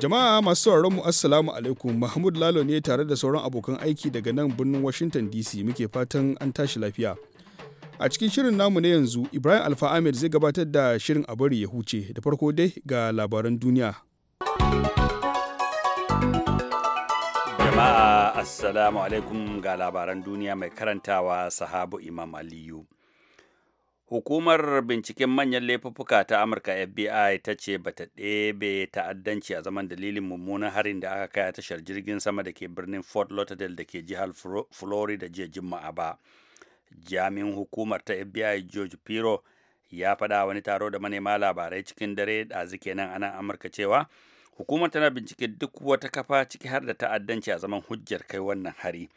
Jama'a masu sauraron mu Assalamu alaikum Mahmud Lalo ne tare da sauran abokan aiki daga nan birnin Washington DC muke fatan an tashi lafiya. A cikin shirin namu na yanzu Ibrahim Alfa Ahmed zai gabatar da shirin a bari ya huce da farko dai ga labaran duniya. Jama'a Assalamu alaikum ga labaran duniya mai karantawa Sahabu Imam Aliyu. Hukumar binciken manyan laifuffuka ta Amurka FBI ta ce ba ta ɗebe ta'addanci a zaman dalilin mummunan harin da aka kai a tashar jirgin sama da ke birnin Fort Lauderdale da ke jihar Florida jiya Juma'a ba. Jami'in hukumar ta FBI George Piro ya faɗa wani taro da manema labarai cikin dare ɗazu kenan a nan Amurka cewa hukumar tana bincike duk wata kafa ciki har da ta'addanci a zaman hujjar kai wannan hari.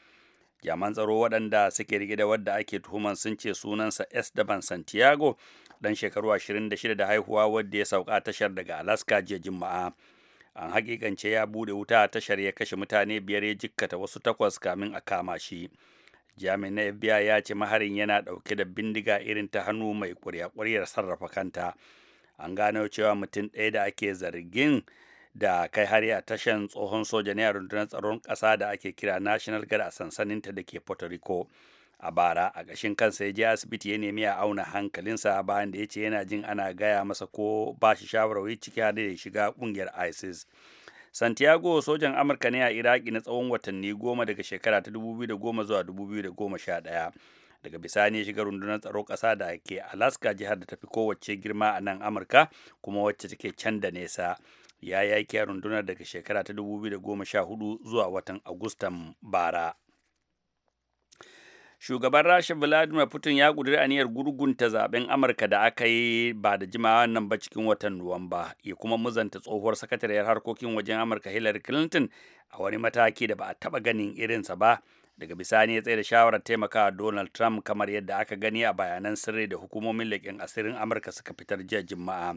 jaman tsaro waɗanda suke rike da wadda ake tuhuman sun ce sunansa esteban santiago dan shekaru 26 da haihuwa wadda ya sauka tashar daga alaska jiya juma'a an hakikance ya bude wuta a tashar ya kashe mutane biyar ya jikkata wasu takwas kamin a kama shi jami'in na fbi ya ce maharin yana ɗauke da bindiga irin ta hannu mai ƙuri'a sarrafa kanta an gano cewa mutum ɗaya da ake zargin da kai hari a tashan tsohon soja ne a rundunar tsaron ƙasa da ake kira national guard a sansaninta da ke puerto rico a bara a ƙashin kansa ya je asibiti ya nemi a auna hankalinsa bayan da ya ce yana jin ana gaya masa ko ba shi shawarwari ciki har da shiga kungiyar isis santiago sojan amurka ne a iraki na tsawon watanni goma daga shekara ta 2010 zuwa 2011 daga bisani ya shiga rundunar tsaro ƙasa da ake alaska jihar da tafi kowace girma a nan amurka kuma wacce take can da nesa ya yaki a rundunar daga shekara ta 2014 zuwa watan agustan bara shugaban rasha vladimir putin ya ƙudiri aniyar gurgunta zaben amurka da aka yi ba da jimawa nan ba cikin watan nuwamba ya kuma muzanta tsohuwar sakatariyar harkokin wajen amurka hillary clinton a wani mataki da ba a taɓa ganin irinsa ba daga bisani ya tsaye da shawarar taimakawa donald trump kamar yadda aka gani a bayanan sirri da hukumomin leƙen asirin amurka suka fitar jiya juma'a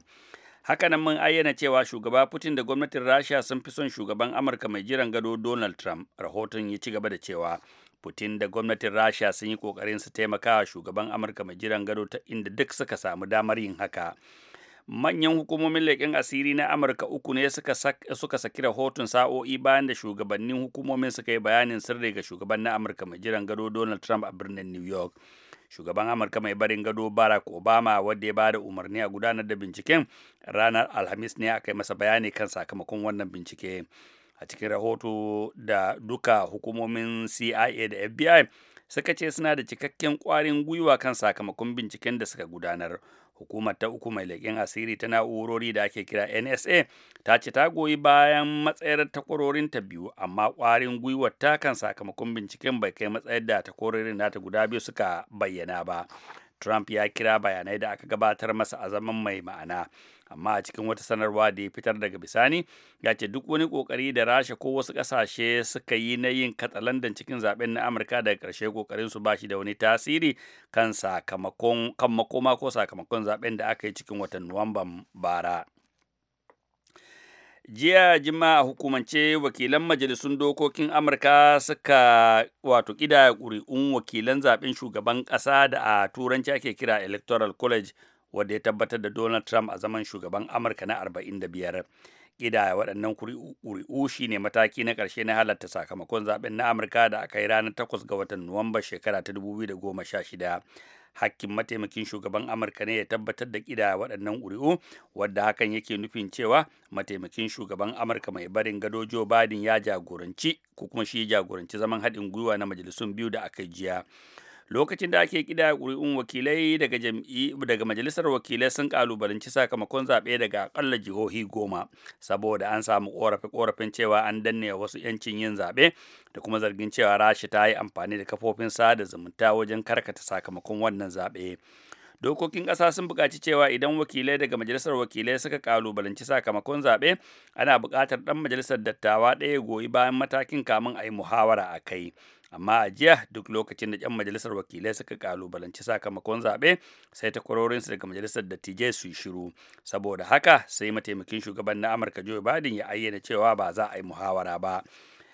Hakanan mun ayyana cewa shugaba Putin da gwamnatin Rasha sun fi son shugaban Amurka mai jiran gado Donald Trump. Rahoton ya ci gaba da cewa Putin da gwamnatin Rasha sun yi kokarin su taimakawa shugaban Amurka mai jiran gado ta inda duk suka samu damar yin haka. manyan hukumomin leƙen asiri na amurka uku ne suka, suka saki rahoton sa'o'i bayan da shugabannin hukumomin suka yi bayanin sirri ga shugaban na amurka mai jiran gado donald trump a birnin new york shugaban amurka mai barin gado barack obama wadda ya ba da umarni a gudanar da binciken ranar alhamis ne aka yi masa bayani kan sakamakon wannan bincike a cikin rahoto da duka hukumomin cia da fbi suka ce suna da cikakken kwarin gwiwa kan sakamakon binciken da suka gudanar hukumar ta uku mai leƙen asiri ta na'urori da ake kira nsa ta ce ta goyi bayan matsayar takwarorin ta biyu amma ƙwarin gwiwar ta kan sakamakon binciken bai kai matsayar da ta takwarorin nata guda biyu suka bayyana ba trump ya kira bayanai da aka gabatar masa a zaman mai ma'ana amma a cikin wata sanarwa da ya fitar daga bisani ya ce duk wani kokari da rasha ko wasu kasashe suka yi na yin katsalandan cikin zaben na amurka daga karshe kokarin su bashi da wani tasiri kan sakamakon kan makoma ko sakamakon zaben da aka yi cikin watan nuwamban bara jiya jima'a hukumance wakilan majalisun dokokin amurka suka wato ƙida ƙuri'un wakilan zaben shugaban ƙasa da a turanci ake kira electoral college wadda ya tabbatar da donald trump a zaman shugaban amurka na 45 ƙidaya waɗannan ƙuri'u ne mataki na ƙarshe na halarta sakamakon zaɓen na amurka da aka yi ranar 8 ga watan nuwamba shekara ta 2016 hakkin mataimakin shugaban amurka ne ya tabbatar da ƙidaya waɗannan kuri'u wadda hakan yake nufin cewa mataimakin shugaban amurka mai barin gado joe biden ya jagoranci ko kuma shi ya jagoranci zaman haɗin gwiwa na majalisun biyu da aka jiya lokacin da ake kida ƙuri'un wakilai daga jam'i daga majalisar wakilai sun kalubalanci sakamakon zaɓe daga ƙalla jihohi goma saboda an samu ƙorafi ƙorafin cewa an danne wasu yancin yin zaɓe da kuma zargin cewa rashi ta yi amfani da kafofin sada zumunta wajen karkata sakamakon wannan zaɓe dokokin ƙasa sun buƙaci cewa idan wakilai daga majalisar wakilai suka kalubalanci sakamakon zaɓe ana buƙatar ɗan majalisar dattawa ɗaya goyi bayan matakin kamun a yi muhawara a kai amma a jiya duk lokacin da 'yan majalisar wakilai suka kalubalanci sakamakon zaɓe sai ta kwarorin su daga majalisar dattijai su yi shiru saboda haka sai mataimakin shugaban na amurka joe badin ya ayyana cewa ba za a yi muhawara ba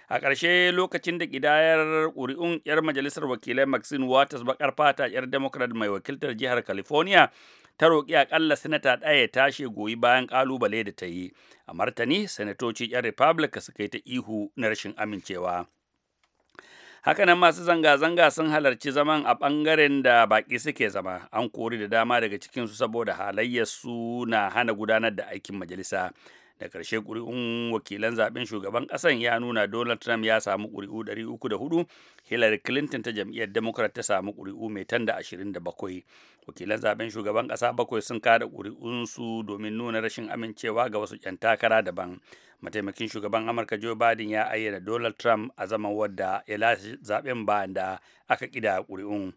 a ƙarshe lokacin da ƙidayar ƙuri'un 'yar majalisar wakilai maxine waters bakar fata 'yar democrat mai wakiltar jihar california ta roƙi aƙalla sanata ɗaya ya tashi goyi bayan ƙalubale da ta yi a martani sanatoci 'yan republic suka yi ta ihu na rashin amincewa hakanan masu zanga-zanga sun halarci zaman a ɓangaren da baƙi suke zama an kori da dama daga cikinsu saboda halayyarsu na hana gudanar da aikin majalisa da ƙarshe ƙuri'un wakilan zaɓen shugaban ƙasan ya nuna donald trump ya samu ƙuri'u 304 hillary clinton ta jam'iyyar democrat ta samu ƙuri'u mai da 27 wakilan zaɓen shugaban ƙasa bakwai sun kada ƙuri'unsu domin nuna rashin amincewa ga wasu 'yan takara daban mataimakin shugaban amurka joe biden ya ayyana donald trump a zaman wadda ya lashe zaben bayan da aka ƙida ƙuri'un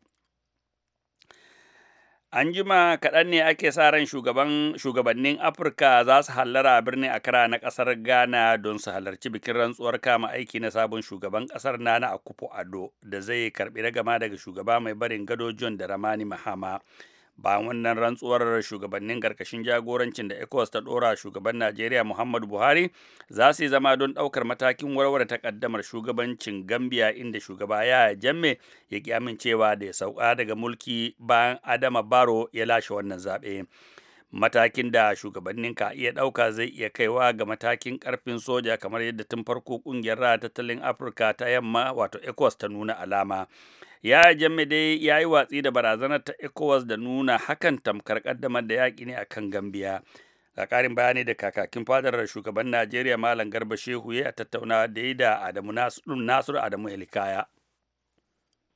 An jima kaɗan ne ake sa ran shugabannin Afirka za su hallara a birnin na ƙasar Ghana don su halarci bikin rantsuwar kama aiki na sabon shugaban ƙasar Nana Akufo Ado da zai karɓi ragama daga shugaba mai barin gado John da ramani Mahama. bayan wannan rantsuwar shugabannin karkashin jagorancin da ecowas ta dora shugaban najeriya muhammadu buhari za su yi zama don daukar matakin warware takaddamar shugabancin gambia inda shugaba ya jamme ya ki amincewa da ya sauka daga mulki bayan adama baro ya lashe wannan zaɓe. matakin da shugabannin ka iya ɗauka zai iya kaiwa ga matakin ƙarfin soja kamar yadda tun farko ƙungiyar ra tattalin afirka ta yamma wato ecowas ta nuna alama ya jamme dai ya yi watsi da barazanar ta ecowas da nuna hakan tamkar ƙaddamar da yaƙi ne akan gambiya ga ƙarin bayani da kakakin fadar shugaban najeriya malam garba shehu ya tattauna da yi da adamu nasiru adamu elikaya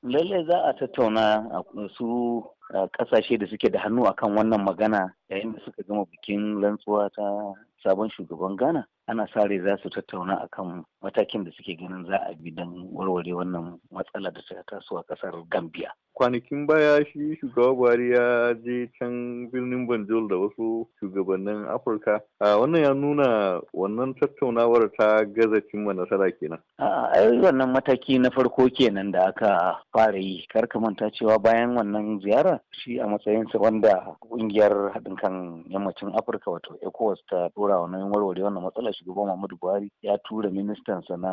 lallai za a tattauna su kasashe da suke da hannu akan wannan magana yayin da suka gama bikin lantsuwa ta sabon shugaban ghana ana sa rai za su tattauna akan matakin da suke ganin za a bi don warware wannan matsala da ta taso a kasar gambia kwanakin baya shi shugaba buhari ya je can birnin banjul da wasu shugabannin afirka a wannan ya nuna wannan tattaunawar ta gaza cimma nasara kenan a wannan mataki na farko kenan da aka fara yi kar ka manta cewa bayan wannan ziyara shi a matsayinsa wanda kungiyar haɗin kan yammacin afirka wato ecowas ta dora wannan warware wannan matsala shugaban Muhammadu Buhari ya tura ministan sa na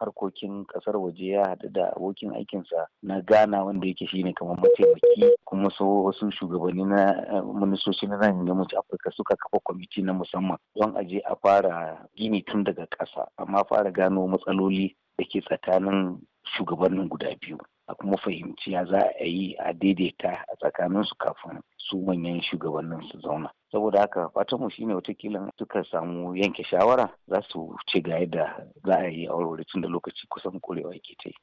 harkokin kasar waje ya haɗu da abokin aikinsa na Ghana wanda yake shine kamar mataimaki kuma so wasu shugabanni na ministoci na nan yammacin Afirka suka kafa kwamiti na musamman don aje a fara gini tun daga ƙasa amma fara gano matsaloli da ke tsakanin shugabannin guda biyu. a kuma fahimci ya za a yi a daidaita a tsakaninsu kafin su manyan shugabannin su zauna saboda haka fatanmu mu shine watakila suka samu yanke shawara za su ce ga yadda za a yi aure tun da lokaci kusan korewa ke ta yi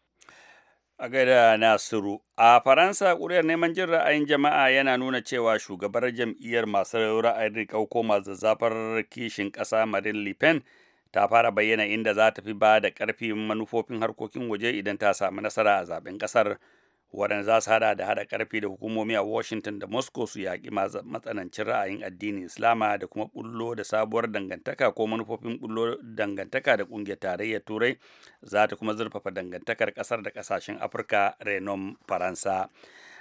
a gaida nasiru a faransa ƙuri'ar neman jin ra'ayin jama'a yana nuna cewa shugabar jam'iyyar masu ra'ayin riƙau ko masu zafar kishin ƙasa marin le ta fara bayyana inda za ta fi ba da ƙarfi manufofin harkokin waje idan ta samu nasara a zaben ƙasar waɗanda za su hada da hada ƙarfi da hukumomi a washington da moscow su yaƙi matsanancin ra'ayin addinin islama da kuma bullo da sabuwar dangantaka ko manufofin bullo dangantaka da ƙungiyar tarayyar turai za ta kuma zurfafa dangantakar ƙasar da ƙasashen afirka renon faransa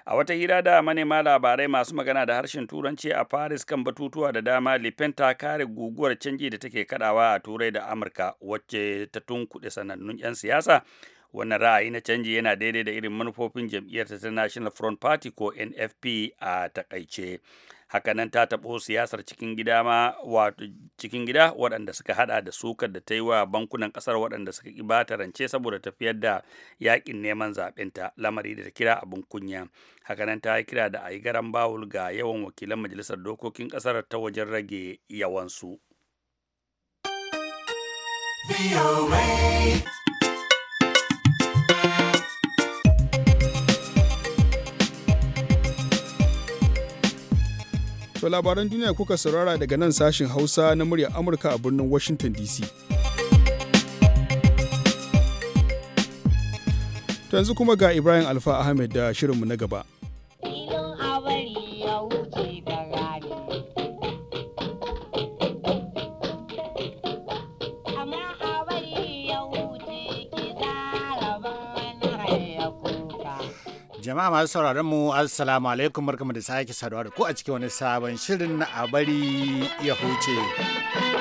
a wata hira da manema labarai masu magana da harshen turanci a paris kan batutuwa da dama lifen ta kare guguwar canji da take kadawa a turai da amurka wacce ta tunkuɗe sanannun 'yan siyasa wannan ra'ayi na canji yana daidai da irin manufofin jam'iyyar ta national front party ko nfp a takaice hakanan ta taɓo siyasar cikin gida ma wato cikin gida waɗanda suka hada da sukar da ta yi wa bankunan ƙasar waɗanda suka ƙi bata rance saboda tafiyar da yaƙin neman ta lamari da ta kira abin kunya hakanan ta yi kira da a yi garan bawul ga yawan wakilan majalisar dokokin ƙasar ta wajen rage yawansu. To labaran duniya kuka saurara daga nan sashin Hausa na muryar Amurka a birnin Washington DC. To yanzu kuma ga Ibrahim Alfa Ahmed da shirinmu na gaba. Jama'a masu sauraron mu assalamu alaikum barkamu da sake saduwa da ku a cikin wani sabon shirin na a bari ya huce.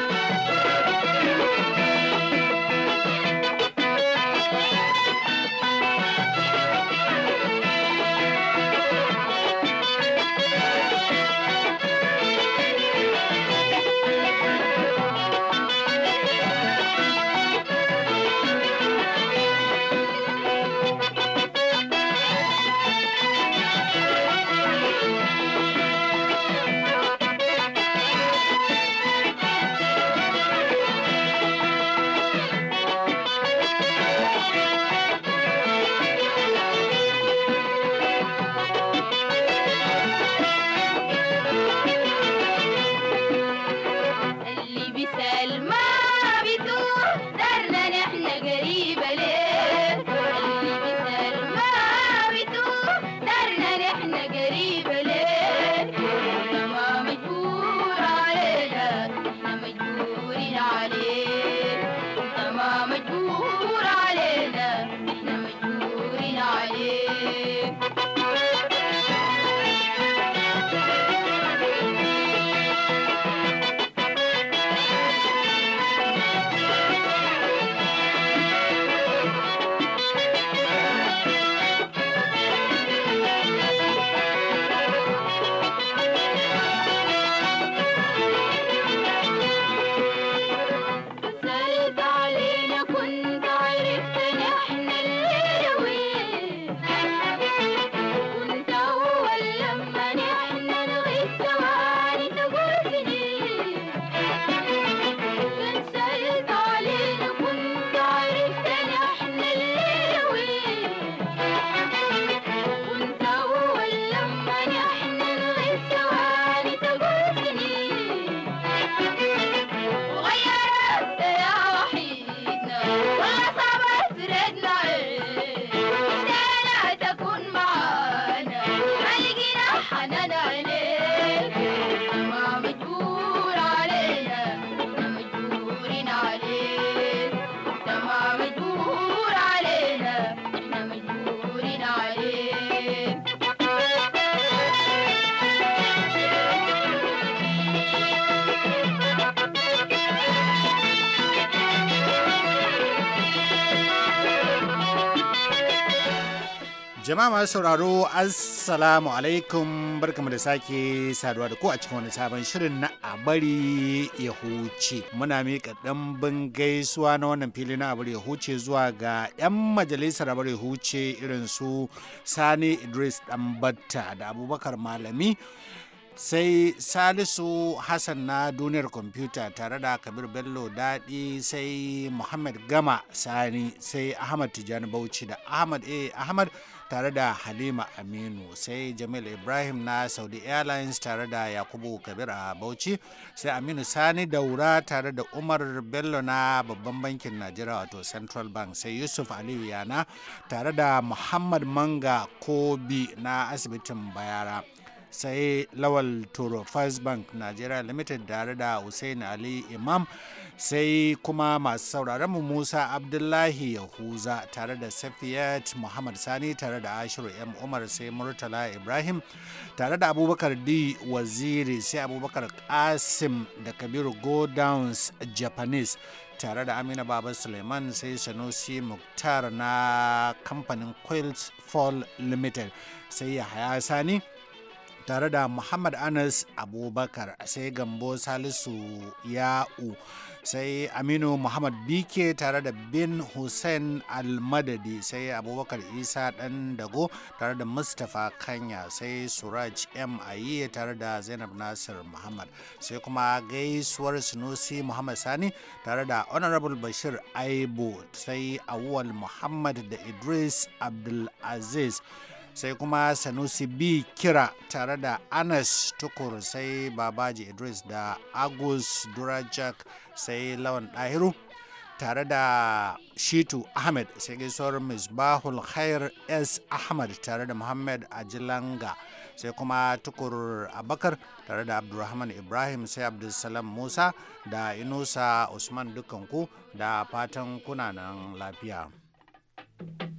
Jama'a masu sauraro Assalamu alaikum barkamu da sake saduwa da ku a cikin wani sabon shirin na a bari ya huce. Muna miƙa bin gaisuwa na wannan fili na abari ya huce zuwa ga 'yan majalisar abari ya huce irin su Sani Idris Ɗanbatta da Abubakar Malami. sai salisu hassan na duniyar kwamfuta tare da kabir bello daɗi sai muhammad gama sani sai ahmad tijani bauchi da ahmad eh ahmad tare da halima aminu sai jamil ibrahim na saudi airlines tare da yakubu kabir a bauchi sai aminu sani daura tare da umar bello na babban bankin najeriya wato central bank sai yusuf aliyu yana tare da muhammad manga kobi na asibitin bayara sai lawal turo first bank nigeria limited tare da hussein ali imam sai kuma masu sauraron mu musa abdullahi yahuza tare da safiyat muhammad sani tare da ashiru m umar sai murtala ibrahim tare da abubakar d waziri sai abubakar kasim da kabiru godowns japanese tare da amina baba suleiman sai sanusi muktar na kamfanin quilt fall limited sai ya haya sani tare da muhammad anas abubakar sai gambo salisu ya'u sai aminu muhammad bike tare da bin hussein almadadi sai abubakar isa dan dago tare da mustapha kanya sai suraj m ayiye tare da zainab nasir muhammad sai kuma gaisuwar sunusi muhammad sani tare da honorable bashir aibo sai awal muhammad da idris abdulaziz sai kuma sanusi b kira tare da anas tukur sai babaji idris da agus durajak sai lawan dahiru tare da shitu ahmed sai gaisuwar misbahul khair s ahmed tare da muhammad ajilanga sai kuma tukur abakar tare da abdulrahman ibrahim sai abdulsalam musa da inusa usman dukanku da fatan kunanan lafiya. thank you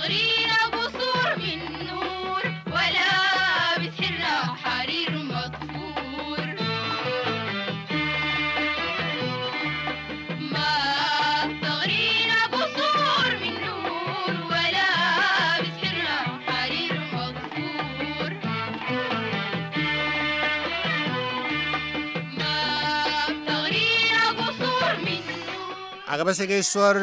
Rodríguez. gaba sai gaisuwar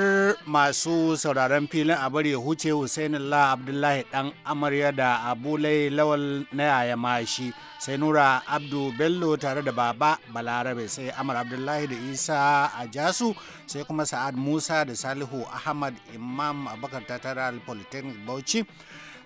masu sauraron filin a bari huce Husainullah Abdullahi dan amarya da abu Lawal na yaya mashi sai Nura Abdu Bello tare da Baba Balarabe sai Amar Abdullahi da Isa Ajasu sai kuma Sa'ad Musa da Salihu Ahmad Imam Abubakar Tataral Polytechnic Bauchi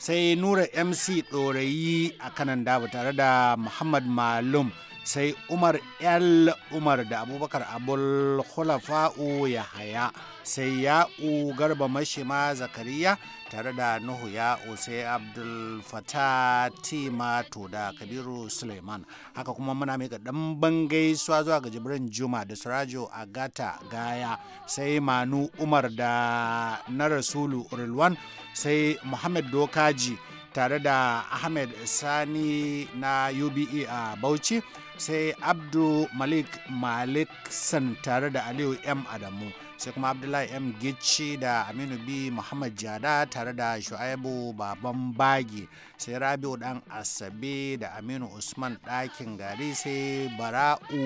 sai Nura MC Ɗorayi a kanan dabu tare da Muhammad Malum. sai umar el umar da abubakar abul khulafa'u ya haya sai ya'u garba ma zakariya tare da nuhu ya'u sai abdul fatah timato da kabiru suleiman haka kuma muna mika bangai suwa zuwa ga jibrin juma da surajo agata gaya sai manu umar da na rasulu urulwan sai muhammad dokaji tare da ahmed sani na ube a bauchi sai abdu malik malik san tare da aliyu m adamu sai kuma abdullahi m gici da aminu b muhammad jada tare da shu'aibu baban bagi sai rabiu dan asabe da aminu usman ɗakin gari sai bara'u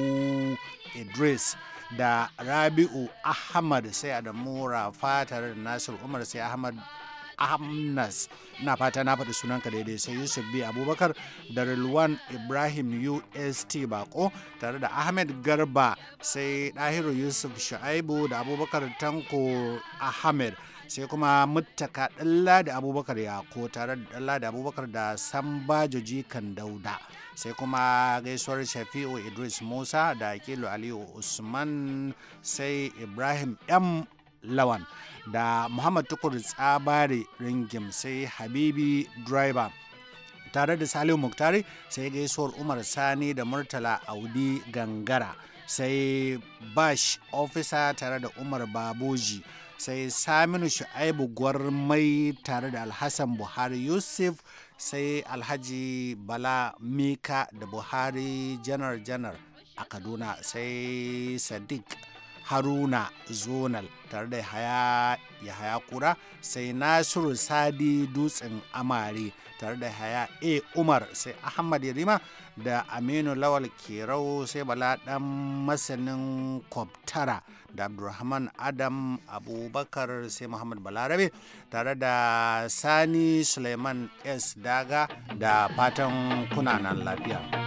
idris da rabiu ahmad sai adamu rafa tare da nasiru umar sai ahmad amnas na fata na faɗi sunanka daidai sai yusuf bi abubakar da rilwan ibrahim ust bako tare da ahmed garba sai ɗahiru yusuf sha'aibu da abubakar tanko ahmed sai kuma muttaka ɗalla da abubakar yako tare da ɗalla da abubakar da sambajoji kan dauda sai kuma gaisuwar shafi'u idris musa da kilo aliyu usman sai ibrahim m lawan da muhammad tukur tsabari ringim sai habibi driver tare da salihu muktari sai gaisuwar umar sani da murtala audi gangara sai bash officer tare da umar baboji sai saminu shu'aibu gwarmai tare da alhassan buhari yusuf sai alhaji bala mika da buhari janar janar a kaduna sai sadiq haruna zonal tare da haya kura sai nasiru sadi dutsen amari tare da haya a umar sai ahmad yarima da aminu lawal kerau sai bala dan masanin kwabtara da abdulrahman adam abubakar sai muhammad balarabe tare da sani suleiman s daga da fatan kunanan lafiya.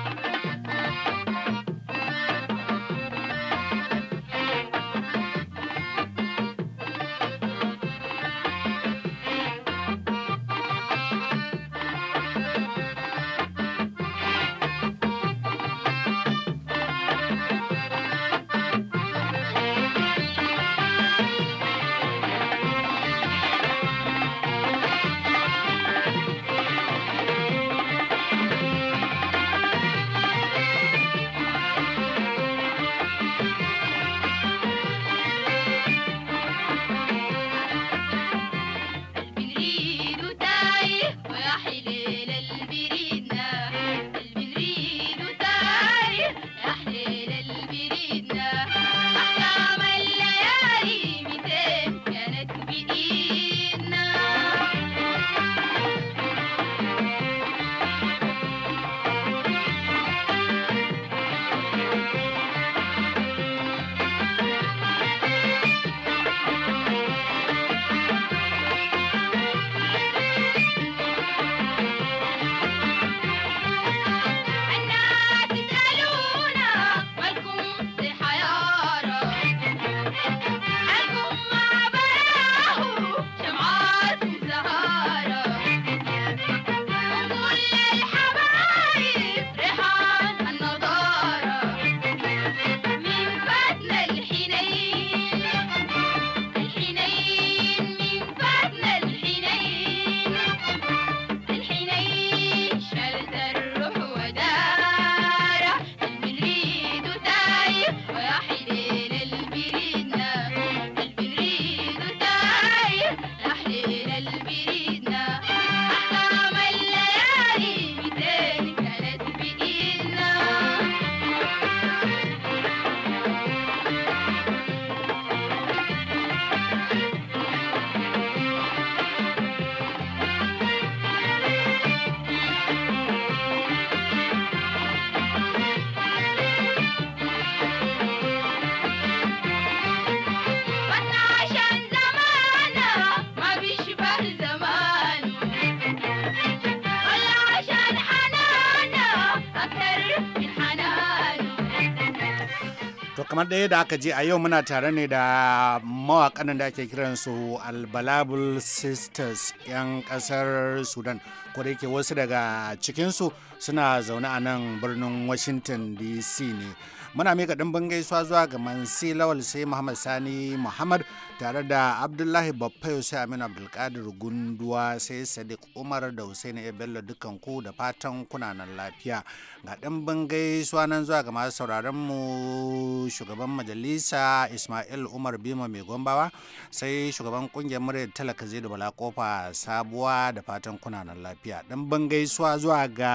kamar ɗaya da aka je a yau muna tare ne da mawakan da ake kiran su albalabul sisters 'yan ƙasar sudan ko da yake wasu daga cikinsu suna zaune a nan birnin washington dc ne muna mika dimbin gaisuwa zuwa ga mansi lawal sai muhammad sani muhammad tare da abdullahi baffayo sai aminu abdulkadir gunduwa sai sadiq umar da ya bello dukkan ku da fatan kunanan lafiya ga dimbin gaisuwa nan zuwa ga masu sauraron mu shugaban majalisa ismail umar bima mai gombawa sai shugaban kungiyar muryar talaka zai da bala kofa sabuwa da fatan kunanan lafiya dimbin gaisuwa zuwa ga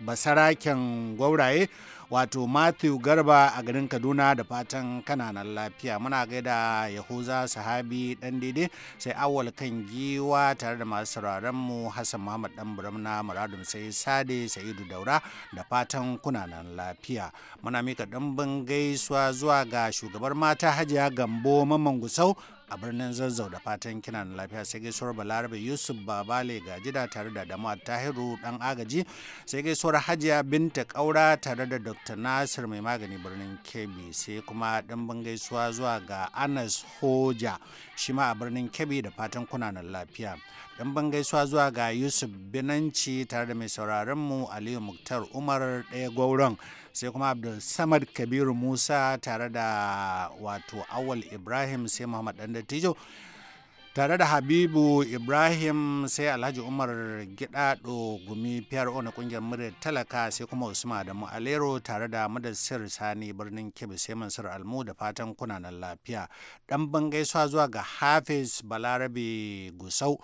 basaraken gwauraye wato matthew garba a garin kaduna da fatan kananan lafiya muna gaida yahuza sahabi ɗan daidai sai awal kan giwa tare da masu sauraron mu hassan muhammad ɗan buramna muradun sai sade sa'idu daura da fatan kunanan lafiya muna mika ɗan gaisuwa zuwa ga shugabar mata hajiya gambo mamman gusau a birnin zazzau da fatan kina na lafiya sai gaisuwar balarabe yusuf babale gajida tare da dama tahiru dan agaji sai gaisuwar hajiya binta kaura tare da dr nasir mai magani birnin kebbi sai kuma dimbin gaisuwa zuwa ga anas hoja shi ma a birnin kebbi da fatan kuna na lafiya dimbin gaisuwa zuwa ga yusuf binanci tare da mai sauraron mu aliyu muktar umar ɗaya gwauron sai kuma abdul samad kabiru musa tare da wato awal ibrahim sai muhammad dan dattijo tare da habibu ibrahim sai alhaji umar gidado gumi pro na kungiyar murya talaka sai kuma usman adamu alero tare da madassir sani birnin kebbi sai mansur almu da fatan kunanan lafiya dan bangaisuwa zuwa ga hafiz balarabe gusau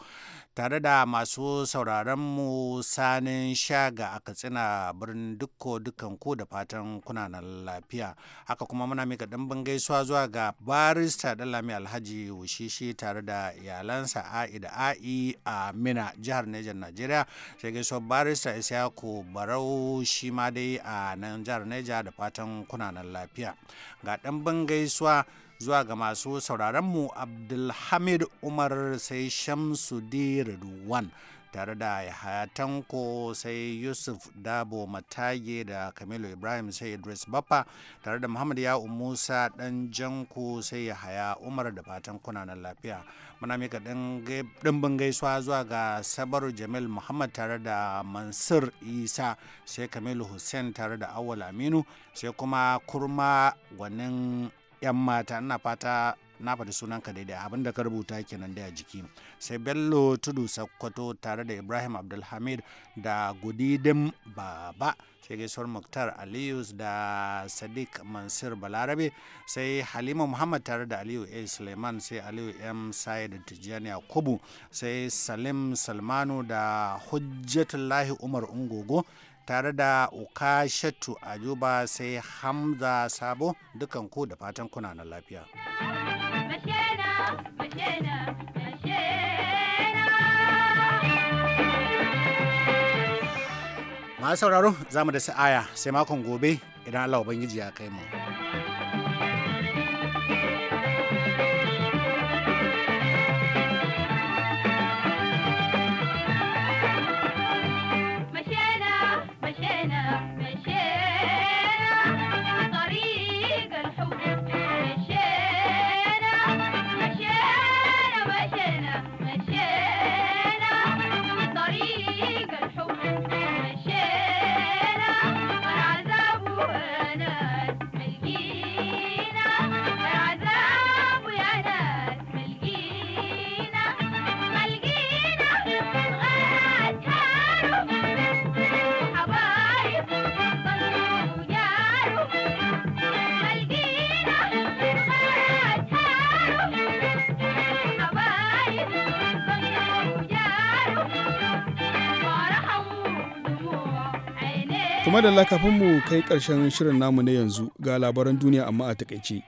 tare da masu sauraronmu sanin shaga a katsina birnin dukko dukan ku da fatan kunanan lafiya haka kuma muna mika dimbin gaisuwa zuwa ga barista dalami alhaji wushishi tare da iyalansa a'i da a'i a mina jihar nejan najeriya sai gaisuwa barista isyaku barau shi ma dai a nan jihar neja da fatan kunanan lafiya ga dimbin gaisuwa zuwa ga masu sauraronmu abdulhamid umar sai shamsu raduwan tare da yahaya tanko sai yusuf dabo matage da kamilu ibrahim sai idris baffa tare da muhammad ya'u musa dan janku sai yahaya umar da fatan kuna kunanan lafiya muna mika dimbin gaisuwa zuwa ga sabaru jamil muhammad tare da mansur isa sai kamilu hussein tare da awal aminu sai kuma kurma gwanin 'yan mata ina fata na faɗi sunanka daidai abin da ka rubuta kenan da jiki sai bello tudu sakkwato tare da ibrahim abdulhamid da gudidin baba sai gaisuwar muktar aliyu da sadiq mansur balarabe sai halima muhammad tare da aliyu a suleiman sai aliyu m sa'id da tijjani yakubu sai salim salmanu da hujjatullahi umar ungogo tare da uka a ajuba sai hamza sabo dukan ku da fatan kuna na lafiya masu sauraro za mu da sa'aya sai makon gobe idan allah ubangiji ya kai mu kuma kafin mu kai karshen shirin namu na yanzu ga labaran duniya amma a takaice.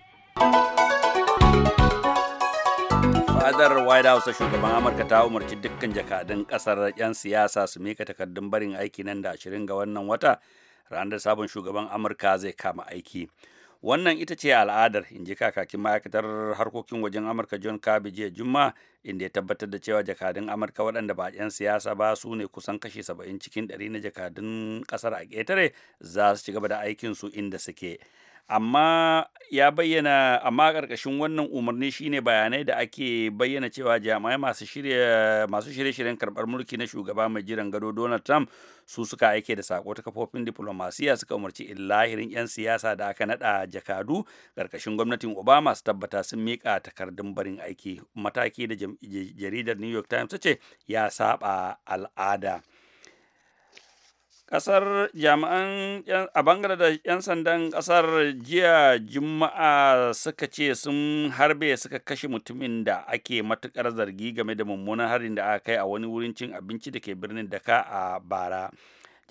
fadar white house shugaban amurka ta umarci dukkan jakadun kasar 'yan siyasa su mika takardun barin aiki nan da ashirin ga wannan wata ranar sabon shugaban amurka zai kama aiki wannan ita ce al'adar in ji kakakin ma'aikatar harkokin wajen amurka john kabi jiya juma inda ya tabbatar da cewa jakadun amurka waɗanda ba 'yan siyasa ba su ne kusan kashe saba'in cikin ɗari na jakadun ƙasar a ƙetare za su ci gaba da aikinsu inda suke amma ya bayyana amma ƙarƙashin wannan umarni shine bayanai da ake bayyana cewa jami'ai masu shirye masu shirye-shiryen karɓar mulki na shugaba mai jiran gado Donald Trump su suka aike da sako ta kafofin diplomasiya suka umarci illahirin 'yan siyasa da aka nada jakadu ƙarƙashin gwamnatin Obama su tabbata sun miƙa takardun barin aiki mataki da jaridar New York Times ta ce ya saba al'ada. kasar jami'an a da 'yan sandan ƙasar jiya juma'a suka ce sun harbe suka kashe mutumin da ake matukar zargi game da mummunan harin da aka kai a wani wurin cin abinci da ke birnin daka a bara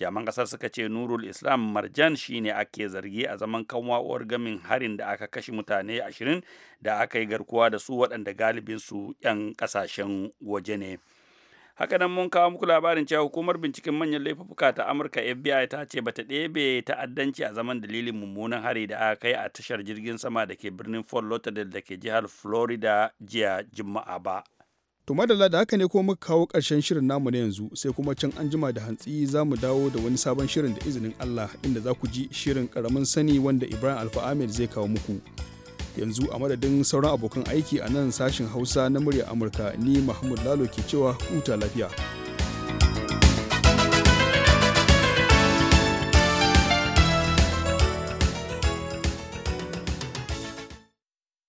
jami'an kasar suka ce nurul islam marjan shine ake zargi a zaman kanwa uwar gamin harin da aka kashe mutane ashirin da aka yi garkuwa da su waɗanda galibinsu 'yan ƙasashen waje ne. haka nan mun kawo muku labarin cewa hukumar binciken manyan laifuka ta amurka fbi ta ce bata ɗebe ta'addanci a zaman dalilin mummunan hari da aka kai a tashar jirgin sama da ke birnin fort lauderdale da ke jihar florida jiya juma'a ba to madalla da haka ne kuma muka kawo ƙarshen shirin namu na yanzu sai kuma can an jima da hantsi za mu dawo da wani sabon shirin da izinin allah inda za ku ji shirin ƙaramin sani wanda ibrahim alfa zai kawo muku yanzu a madadin sauran abokan aiki a nan sashen hausa na murya amurka ni mahmud lalo ke cewa huta lafiya